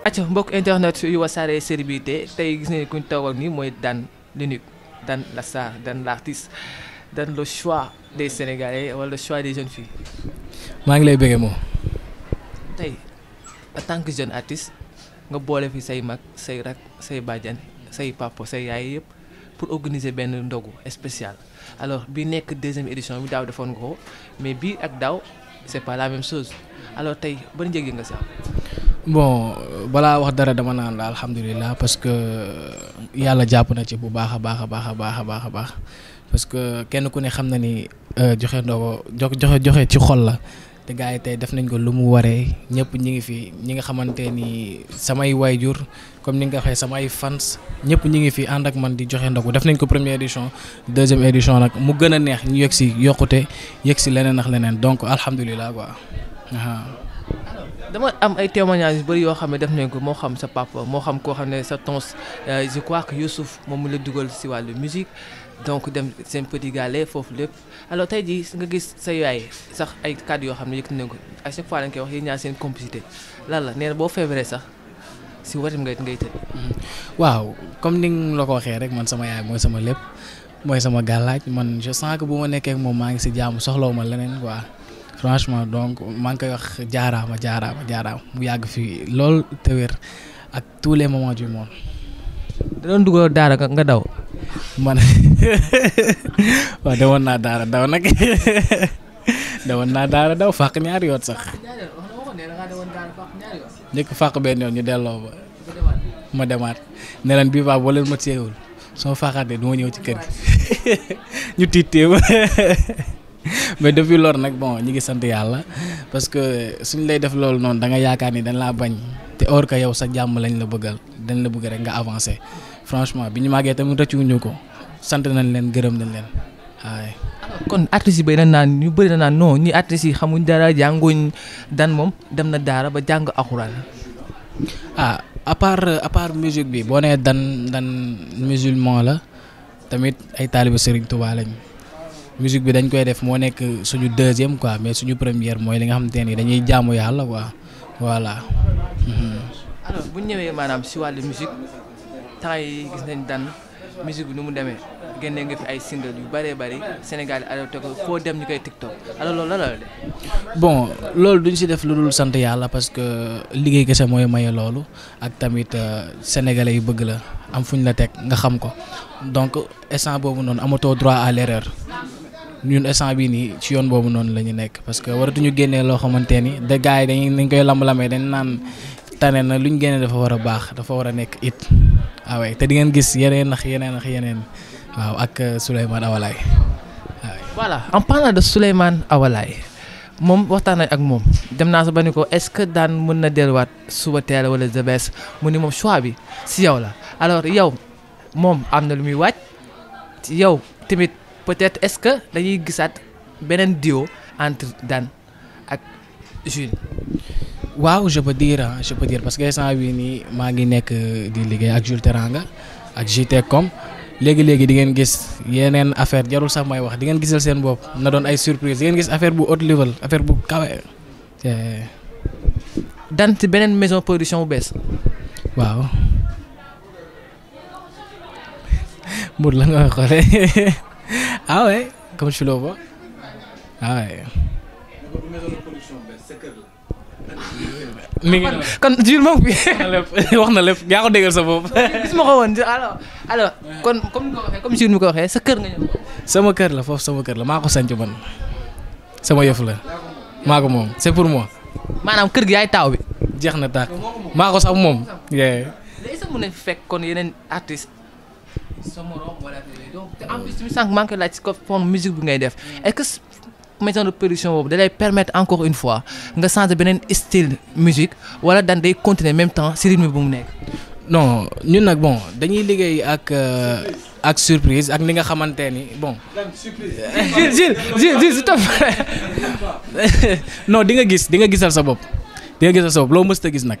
acca mbokk internet yu série bi kuñ Dan l'unique Dan la star l'artiste Dan le choix des sénégalais wala le choix des jeunes filles. maa ngi lay en tant que jeune artiste nga boole fi say mag say rak say say say pour organiser benn ndogu spécial alors bi nekk deuxième édition bi ko mais ak c'est pas la même chose alors tey ban nga bon balaa wax dara dama naan la alhamdulilah parce que yàlla jàpp na ci bu baax a baax a baax a baax a baax a baax parce que kenn ku ne xam na ni euh, joxe ndoo jox joxe joxe ci xol la te gars yi tey def nañ ko lu mu waree ñëpp ñi ngi fi ñi nga xamante ni samay jur comme ni nga waxee samay fans ñëpp ñi ngi fi ànd ak man di joxe ndogu def nañ ko premier édition deuxième édition nag mu gën a neex ñu yegg si yokkute yegg si leneen ak leneen donc alhamdulilah quoi. dama am ay témoignages bari def je crois que Youssouf la musique donc dem un petit galet alors tey jii nga gis sa yaay sax ay cadre à chaque fois dañ koy wax yéen ñaar seen complicité lan la nee na boo sax si ngay mm-hmm. comme ni nga ko waxee rek man sama yaay mooy sama lépp mooy sama je sens que bu ngi quoi. franchement donc maa ngi koy wax jaaraama jaaraama jaaraama mu yàgg fii lool te wér ak tous les moments du monde. da doon dugg daara nga daw. man waaw dawoon naa daara daw nag dawoon naa daw fàq ñaari yoon sax. njëkk fàq benn yoon ñu delloo ba ma demaat ne leen bii baa boo leen ma téyewul soo fàqaatee du ma ñëw ci kër gi ñu tiitee mais depuis lor nag bon ñi ngi sant yàlla parce que suñ lay def loolu noonu da nga yaakaar ni dañ laa bañ te or que yow sa jàmm lañu la bëggal dañ la bëgg rek nga avancer franchement bi ñu màggee tamit rëccuwuñu ko sant nañ leen gërëm nañ leen waaye. kon artistes yi bay na naan ñu bëri na naan non ñi artistes yi xamuñ dara jànguñ dan moom dem na daara ba jàng alxuraan. ah à part à part musique bi boo nee dan dan musulman la tamit ay taaliba Serigne Touba lañ. musique bi dañ koy def moo nekk suñu deuxième quoi mais suñu première mooy li nga xamante ni dañuy jaamu yàlla quoi voilà. alors bu ñëwee maanaam si wàll musique temps yi gis nañ dan musique bi nu mu demee génne nga fi ay single yu bëree bëri Sénégal adopté ko foo dem ñu koy TikTok alors loolu la la de. bon loolu duñ si def lu dul sant yàlla parce que liggéey kese mooy maye loolu ak tamit euh, sénégalais yu bëgg la am fuñ la teg nga xam ko donc instant boobu noonu amatoo ñun instant bii nii ci yoon boobu noonu la ñu nekk parce que waratuñu génnee loo xamante ni de gars yi dañuy dañ koy lamb-lamee dañ naan tane na lu ñu génnee dafa war a baax dafa war a nekk it waaw ah te di ngeen gis yeneen nax yeneen nax yeneen waaw ak euh, Souleymane Awalaay voilà en parlant de Souleymane Awalaay moom waxtaan ak moom dem naa sa ba ni ko est-ce que daan mën na delluwaat suba teel wala ZBS mu ni moom choix bi si yow la alors yow moom am na lu muy waaj yow tamit peut-être est-ce que dañuy gisaat beneen dio entre Dan ak Jules. waaw je peux dire parce que sant bii nii maa ngi nekk euh, di liggéey ak Jules Teranga ak JTCOM léegi léegi di ngeen gis yeneen affaire jarul sax may wax di ngeen gisal seen bopp na doon ay surprise di ngeen gis affaire bu haut level affaire bu kawe. Dan ci beneen maison production bu bees. waaw. Mour la nga xoolee. Ah ouais, comme tu le vois. Ah ouais. ngi kon jur moom wax na lépp yaa ko déggal sa bopp. gis ma ko woon kon comme comme jur mi ko waxee sa kër sama kër la foofu sama kër la maa ko sanc man sama yëf la maa ko moom c'est pour moi. maanaam kër gi yaay taaw bi. jeex na tàkk maa ko sax moom. léegi sax mun nañ fekk kon yeneen artistes. sa musique bi mm. est-ce que maison de production permettre encore une fois de changer un style musique wala dans day continuer même temps non nous bon euh, ak surprise ak li nga xamanteni bon. Surprise. Gilles Gilles non di nga gis di nga gisal sa di nga sa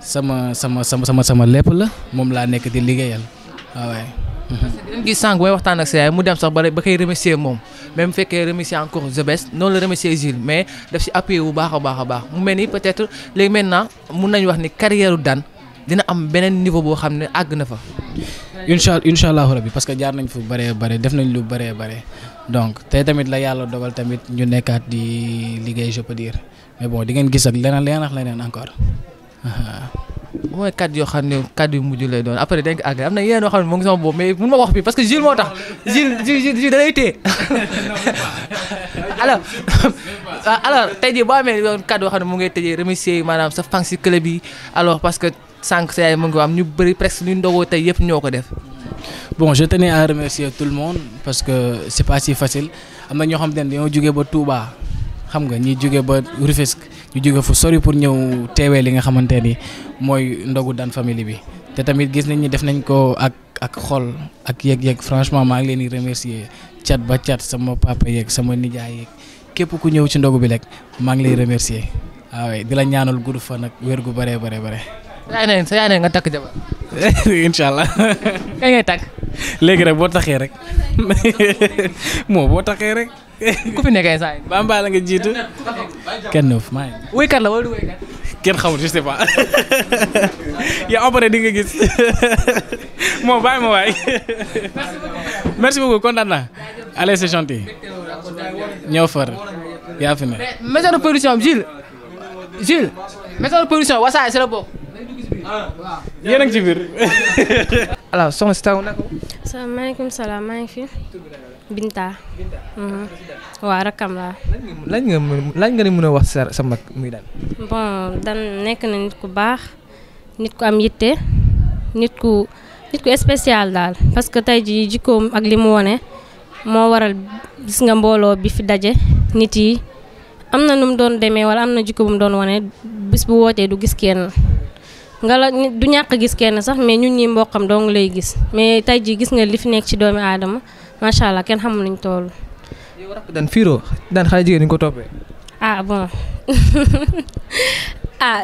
sama sama sama sama sama lépp la moom laa nekk di liggéeyal waaw. parce que dinañ waxtaan sa mu dem sax ba ba koy remercier moom mu fekkee remercier encore the best noonu la remercier Gilles mais daf si appuyé bu baax a baax a baax mu mel ni peut-être léegi maintenant mun nañu wax ni carrière Dan dina am beneen niveau boo xam ne àgg na fa. incha incha allahu rabi parce que jaar nañ fu bëree bëri def nañ lu bëree bëri donc tey tamit la yàlla dogal tamit ñu nekkaat di liggéey je peux dire mais bu may kàddu yoo xam ne kàddu yu mujj lay doon après dañ ko àgg am na yeneen yoo xam ne moom ngi sama boobu mais mun ma wax bi parce que Jules moo tax Jules Jules Jules da lay tey boo amee yoon kàddu yoo xam ne mu ngay tëjee remercier maanaam sa fan si club yi alors parce que sànq sa mu ngi am ñu bëri presque ñu ndogoo tey yëpp ñoo ko def. bon je tenais à remercier tout le monde parce que c'est pas si facile am na ñoo xam ne dañoo jugee ba Touba xam nga ñi jugee ba Rufisque. ñu jëgë fu sori pour ñëw téwé li nga xamante ni mooy ndogu dan family bi té tamit gis nañ ni def nañ ko ak ak xol ak yegg yegg franchement ma ngi leen di remercier chat ba chat sama papa yegg sama nijaay yegg képp ku ñëw ci ndogu bi rek ma ngi lay remercier ah way dila ñaanal guddu fa nak wër gu bare bare bare yaa neen sa nga tak jaba inshallah allah ngay tak? légui rek bo taxé rek mo bo taxé rek ku fi nekkee saa yi. bambaa la nga jiitu. kenn neuf maa ngi. wéykat la wala kenn xamul je sais pas yow gis moom bàyyi ma waay. merci beaucoup kontaan naa. allez c'est gentil. far yaa fi ne. maison Jules. Jules. maison de production si la bokk. waaw yéen a ngi ci biir. alors soxna si taw naka. salaamaaleykum salaam maa ngi fi. Mm-hmm. waaw rakkam laa. lan nga lan nga mën a wax sa sa mag muy daan. bon dan nekk na nit ku baax nit ku am yitte nit ku nit ku spécial daal parce que tey jii jikkoom ak li mu wone moo waral gis nga mbooloo bi fi daje nit yi am na nu mu doon demee wala am na jikko bu mu doon wone bis bu wootee du gis kenn. nga la du ñàkk gis kenn sax mais ñun ñi mbokkam dong lay gis mais tey ji gis nga li fi nekk ci doomi aadama macha allah kenn xamul luñ toll. yow rakk daan fiiroo daan xale jigéen ñi ko toppee. ah bon ah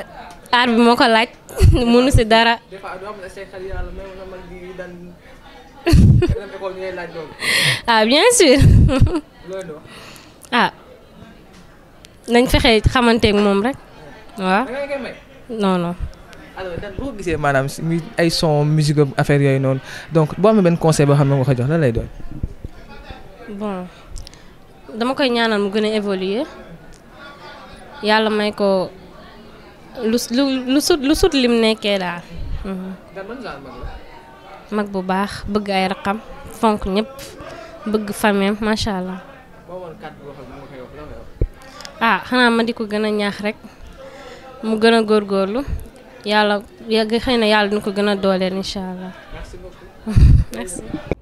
aar bi moo ko laaj mënu si dara. des fois doo am na say xel yàlla na mag di daan dem école ñu lay laaj ah bien sûr. ah nañ fexe xamanteeg moom rek waaw. non non. alors dan gisee maanaam mi ay son musique affaire yooyu noonu donc boo amee benn conseil boo xam ne nga ko jox lan lay doon. bon. dama koy ñaanal mu gën a évoluer yàlla may ko lu lu sut lu sut lim nekkee daal. Mhm. mag bu baax bëgg ay raqam fonk ñëpp bëgg fameem macha allah. ah xanaa ma di ko gën a ñaax rek mu gën a góor góorlu yàlla yàgg xëy na yàlla duñ ko gën a dooleel incha allah.